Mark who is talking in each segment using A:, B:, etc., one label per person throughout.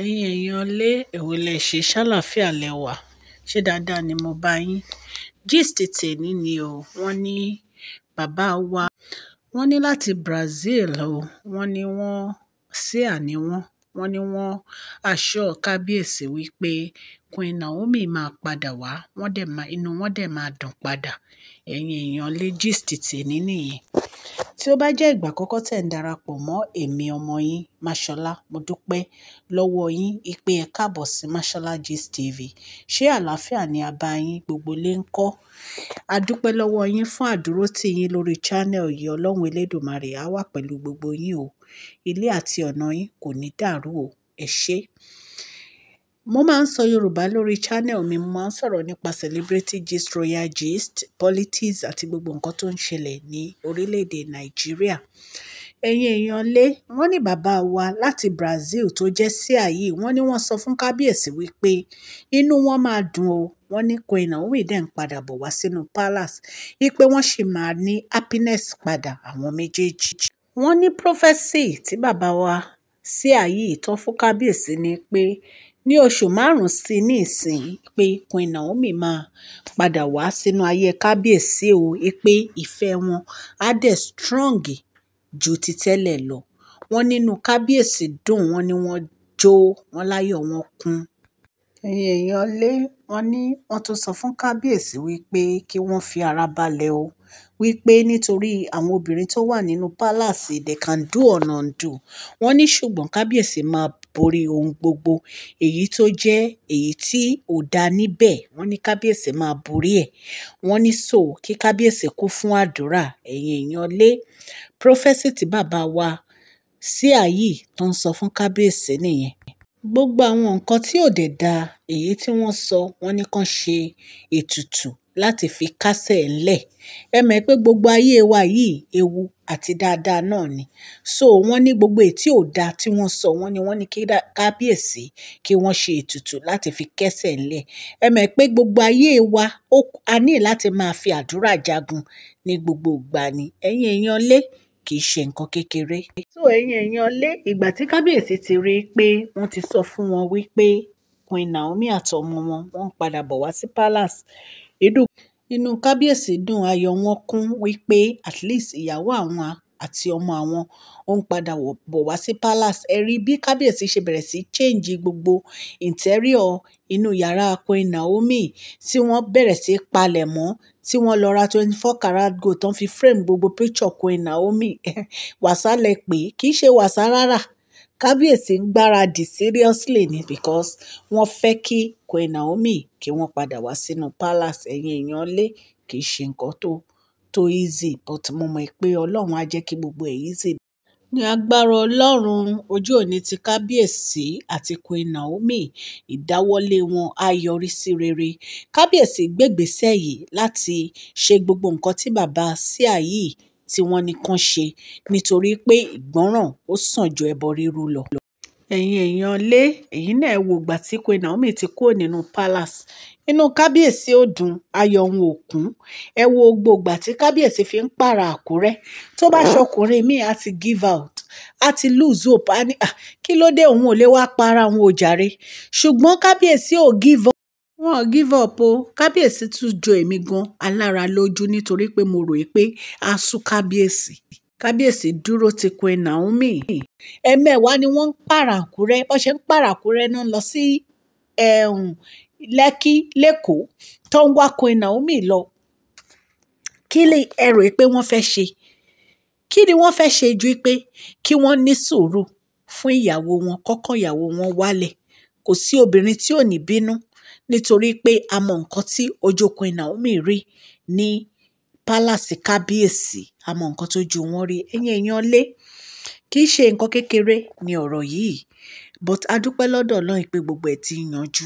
A: ẹ̀yin èèyànlé èwo lẹ ṣe ṣàlàáfíà lẹ wà ṣé dáadáa ni mo bá yín gist tèmi ni o wọ́n ní bàbá wa wọ́n ní láti Brazil o wọ́n ní wọ́n síà ni wọ́n wọ́n ní wọ́n aṣọ kábíyèsí wípé Queen Naomi máa padà wá wọ́n dẹ̀ máa inú wọn dẹ̀ máa dùn padà ẹ̀yin èèyàn lé gist tèmi nìyẹn. Tí ó bá jẹ́ ìgbà àkọ́kọ́ tí ń darapọ̀ mọ́ èmi ọmọ yín, Mashola, mo dúpẹ́ lọ́wọ́ yín pé ẹ káàbọ̀ sí Mashola Gist TV. Ṣé àlàáfíà ni a bá yín? Gbogbo lé ń kọ́. A dúpẹ́ lọ́wọ́ yín fún àdúrótì yín lórí channel yìí. Ọlọ́run Elédùmarè á wà pẹ̀lú gbogbo yín o. Ilé àti ọ̀nà yín kò ní dàrú o. Ẹ ṣé. Mo máa ń sọ Yorùbá lórí channel mi, mo máa ń sọ̀rọ̀ nípa celebrity gist, royal gist, politics àti gbogbo nǹkan tó ń ṣẹlẹ̀ ní orílẹ̀-èdè Nàìjíríà. Ẹ̀yin èèyàn lé, wọ́n ní bàbá wa láti Brazil tó jẹ́ Ṣíà yìí, wọ́n ní wọ́n sọ fún kábíyèsí wípé inú wọn máa dùn o. Wọ́n ní Queen Naomi dẹ̀ padà bọ̀ wá sínú palace, wípé wọ́n sì máa ní happiness padà àwọn méjèèjì. Wọ́n ní prophecy tí bàbá wa Ṣíà yìí tán fún kábíyèsí ni pé ní oṣù márùn-ún sí nísìnyí pé queen naomi máa padà wá sínú ayé kábíyèsí o pé ìfẹ́ wọn á dẹ̀ strong ju ti tẹ́lẹ̀ lọ wọ́n nínú kábíyèsí dùn wọ́n ní wọ́n jó wọ́n láyọ̀ wọn kún ẹ̀yin èèyàn lé wọn ní wọ́n tún sọ fún kábíyèsí wípé kí wọ́n fi ara balẹ̀ o wípé nítorí àwọn obìnrin tó wà nínú pálàsì they can do ọ̀nà ń dù wọ́n ní ṣùgbọ́n kábíyèsí máa borí ohun gbogbo èyí tó jẹ́ èyí tí ò dá níbẹ̀ wọ́n ní kábíyèsí máa borí ẹ̀ wọ́n ní so kí kábíyèsí kún fún àdúrà ẹ̀yin èèyàn lé prọfẹsì tí bàbá wa sí àyè tó ń sọ fún kábíyèsí nìyẹn gbogbo àwọn nǹkan tí ò dẹ̀ da èyí tí wọ́n sọ wọ́n ní kàn ṣe ètùtù láti fi kásẹ̀ ńlẹ̀. Ẹ mọ̀ pé gbogbo ayé wa yìí ewu àti dáadáa náà ni. So wọ́n ní gbogbo èyí tí ò da tí wọ́n sọ, wọ́n ni wọ́n ní kí kábíyèsí kí wọ́n ṣe ètùtù láti fi kẹ́sẹ̀ ńlẹ̀. Ẹ mọ̀ pé gbogbo ayé wa, a ní láti máa fi àdúrà jagun ní gbogbo ìgbà ni. Ẹ̀yin èèyàn lé kì í ṣe nǹkan kékeré. So ẹ̀yin èèyàn lé, ìgbà tí kábíyèsí ti rí pé wọ́n ti sọ fún wọn wípé Queen Naomi àtọmọ wọn, wọ́n padà bọ̀ wá sí palace inú kábíyèsí dùn ayọ̀ wọn kún wípé at least ìyàwó àwọn àti ọmọ àwọn ó ń padà bọ̀ wá sí palace ẹ rí bí kábíyèsí ṣe bẹ̀rẹ̀ sí change gbogbo interior inú yàrá Queen Naomi tí wọ́n bẹ̀rẹ̀ sí palẹ̀ mọ́ tí wọ́n lọ ra twenty four carat gold tán fi frame gbogbo picture Queen Naomi wàsá lẹ pé kì í ṣe wàsá rárá kábíyèsí ń gbáradì seriously ni because wọ́n fẹ́ kí queen naomi kí wọ́n padà wá sínú palace ẹ̀yìn èèyàn lé kì í ṣe nǹkan tó tó easy but mo mọ̀ pé ọlọ́run á jẹ́ kí gbogbo ẹ̀ easy. ní agbára ọlọ́run ojú òní ti kábíyèsí àti queen naomi ìdáwọ́lé wọn á yọrí sí rere kábíyèsí gbégbèsè yìí láti ṣe gbogbo nǹkan tí bàbá síà yìí tí wọ́n ní kán ṣe nítorí pé ìgbọ́ràn ó sàn ju ẹbọ rírú lọ. ẹ̀yin èèyàn lé èyí náà wo ìgbà tí Queen Naomi ti kúrò nínú palace inú kábíyèsí ò dùn ayọ̀ òun ò kún ẹ wo gbogbo tí kábíyèsí fi ń pààrà àkúrẹ́ tó bá ṣọkùnrin míì á give out á lose hope á ní kí ló dé òun ò lè wá para òun ò jàre ṣùgbọ́n kábíyèsí ò give up wọn give up o kábíyèsí tún jọ èmi gan alára lójú nítorí pé mo rò pé a sún kábíyèsí kábíyèsí dúró ti Queen Naomi ẹ̀mẹ́wàá ni wọ́n ń pàràkúrẹ́ bọ́n ṣe ń pàràkúrẹ́ náà lọ sí ẹ̀hún lẹ́kí lẹ́kọ̀ọ́ tó ń wá Queen Naomi lọ kí lè ẹ rò pé wọ́n fẹ́ ṣe kí ni wọ́n fẹ́ ṣe ju pé kí wọ́n ní sùúrù fún ìyàwó wọn kọ́kọ́ ìyàwó wọn wálẹ̀ kò sí obìnrin tí ò ní bínú nítorí pé a mọ nǹkan tí ojú Queen Naomi rí ní pálàsì kábíyèsí a mọ nǹkan tó ju wọn rí ẹ̀yin èèyàn lé kì í ṣe nǹkan kékeré ni ọ̀rọ̀ yìí but a dúpẹ́ lọ́dọ̀ Ọlọ́run pé gbogbo ẹ̀ ti yanjú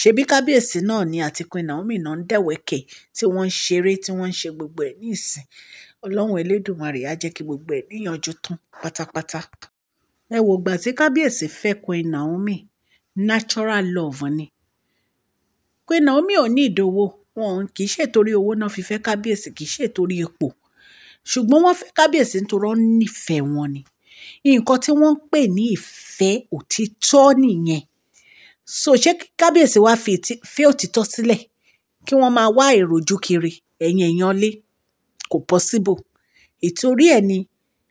A: ṣebí kábíyèsí náà ni àti Queen Naomi náà ń dẹ̀wẹ̀kẹ̀ tí wọ́n ń ṣeré tí wọ́n ń ṣe gbogbo ẹ̀ ní ìsìn Ọlọ́run Elédùmarè á jẹ́ kí gbogbo ẹ̀ níyanjú tán pátápátá ẹ wò gbà tí kábíyèsí fẹ́ Queen Naomi natural love ni pé Naomi ò ní ìdòwò wọn kì í ṣe torí owó náà fi fẹ́ kábíyèsí kì í ṣe torí ipò ṣùgbọ́n wọ́n fẹ́ kábíyèsí nítorí wọ́n nífẹ̀ẹ́ wọn ni nǹkan tí wọ́n ń pè ní ìfẹ́ òtítọ́ nìyẹn so ṣé kábíyèsí wá fi ìfẹ́ òtítọ́ sílẹ̀ kí wọ́n máa wá èròjú kiri ẹ̀yìn èèyàn lé kò possible ìtorí ẹ̀ ni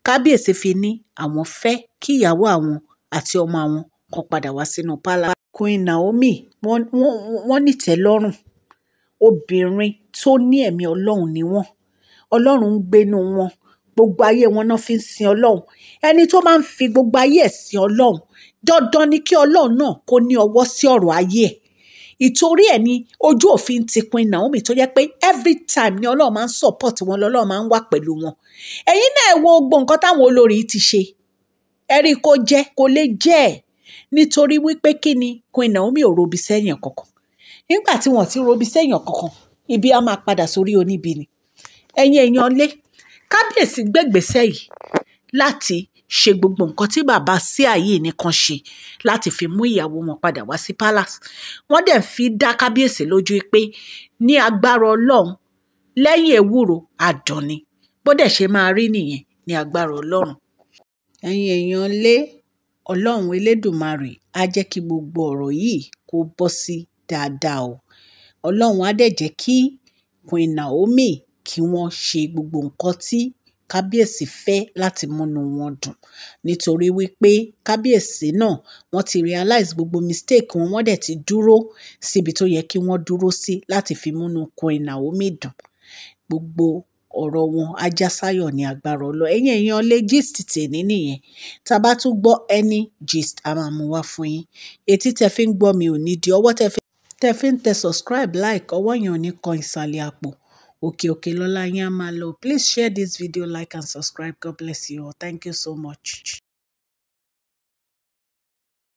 A: kábíyèsí fi ní àwọn fẹ́ kí ìyàwó àwọn àti ọmọ àwọn kan padà wá sínú palace. Queen Naomi wọ́n nìtẹ́lọ́rùn obìnrin tó ní ẹ̀mí ọlọ́run ni wọ́n ọlọ́run ń gbénu wọn gbogbo ayé wọn náà fi ń sin ọlọ́run ẹni tó máa ń fi gbogbo ayé ẹ̀ sin ọlọ́run dandan ni kí ọlọ́run náà kó ní ọwọ́ sí ọ̀rọ̀ ayé ẹ̀ ìtorí ẹ̀ ni ojú òfin ti Queen Naomi tó jẹ́ pé every time ni ọlọ́run máa ń support wọn lọ́lọ́run máa ń wà pẹ̀lú wọn ẹ̀yin náà ẹ wo gbogbo nǹkan táwọn olórí ti ṣe ẹ̀rí kó jẹ́ kó lè jẹ́ ẹ̀ nítorí wípé kí ni Queen Naomi ò robi sẹ́yìn kankan nígbà tí wọ́n ti robi sẹ́yìn kankan ibi a máa padà sórí oníbi ni ẹ̀yin èèyàn lé kábíyèsí gbẹ̀gbẹ̀sẹ̀ yìí láti ṣe gbogbo nǹkan tí bàbá sí ààyè nìkan ṣe láti fi mú ìyàwó wọn padà wá sí palace wọ́n dẹ̀ fi dá kábíyèsí lójú pé ní agbára ọlọ́run lẹ́yìn ewúro àdán ni bó dẹ̀ ṣe máa rí nìyẹn ní agbára ọlọ́run ẹ̀yin èèyàn lé ọlọ́run elédùmarè á jẹ́ kí gbogbo ọ̀rọ̀ yìí kó bọ́ sí dáadáa o ọlọ́run á dẹ̀ jẹ́ kí queen naomi kí wọ́n ṣe gbogbo nǹkan tí kábíyèsí fẹ́ láti múnú wọn dùn nítorí wípé kábíyèsí náà wọ́n ti realize gbogbo mistake wọn wọ́n dẹ̀ ti dúró síbi tó yẹ kí wọ́n dúró sí láti fi múnú queen naomi dùn gbogbo ọ̀rọ̀ wọn ajá sáyọ̀ ní agbára ọlọ́ ẹ̀yin èèyàn lé gist tèmi nìyẹn tá a bá tún gbọ́ ẹni gist a máa mú wá fún yín etí tẹ fi ń gbọ́ mi ò ní di ọwọ́ tẹ fi tẹ fi ń tẹ subscribe like ọwọ́ yẹn ò ní kan ìsàlẹ̀ àpò òkè òkè lọ́la yẹn á máa lọ please share this video like and subscribe god bless you all thank you so much.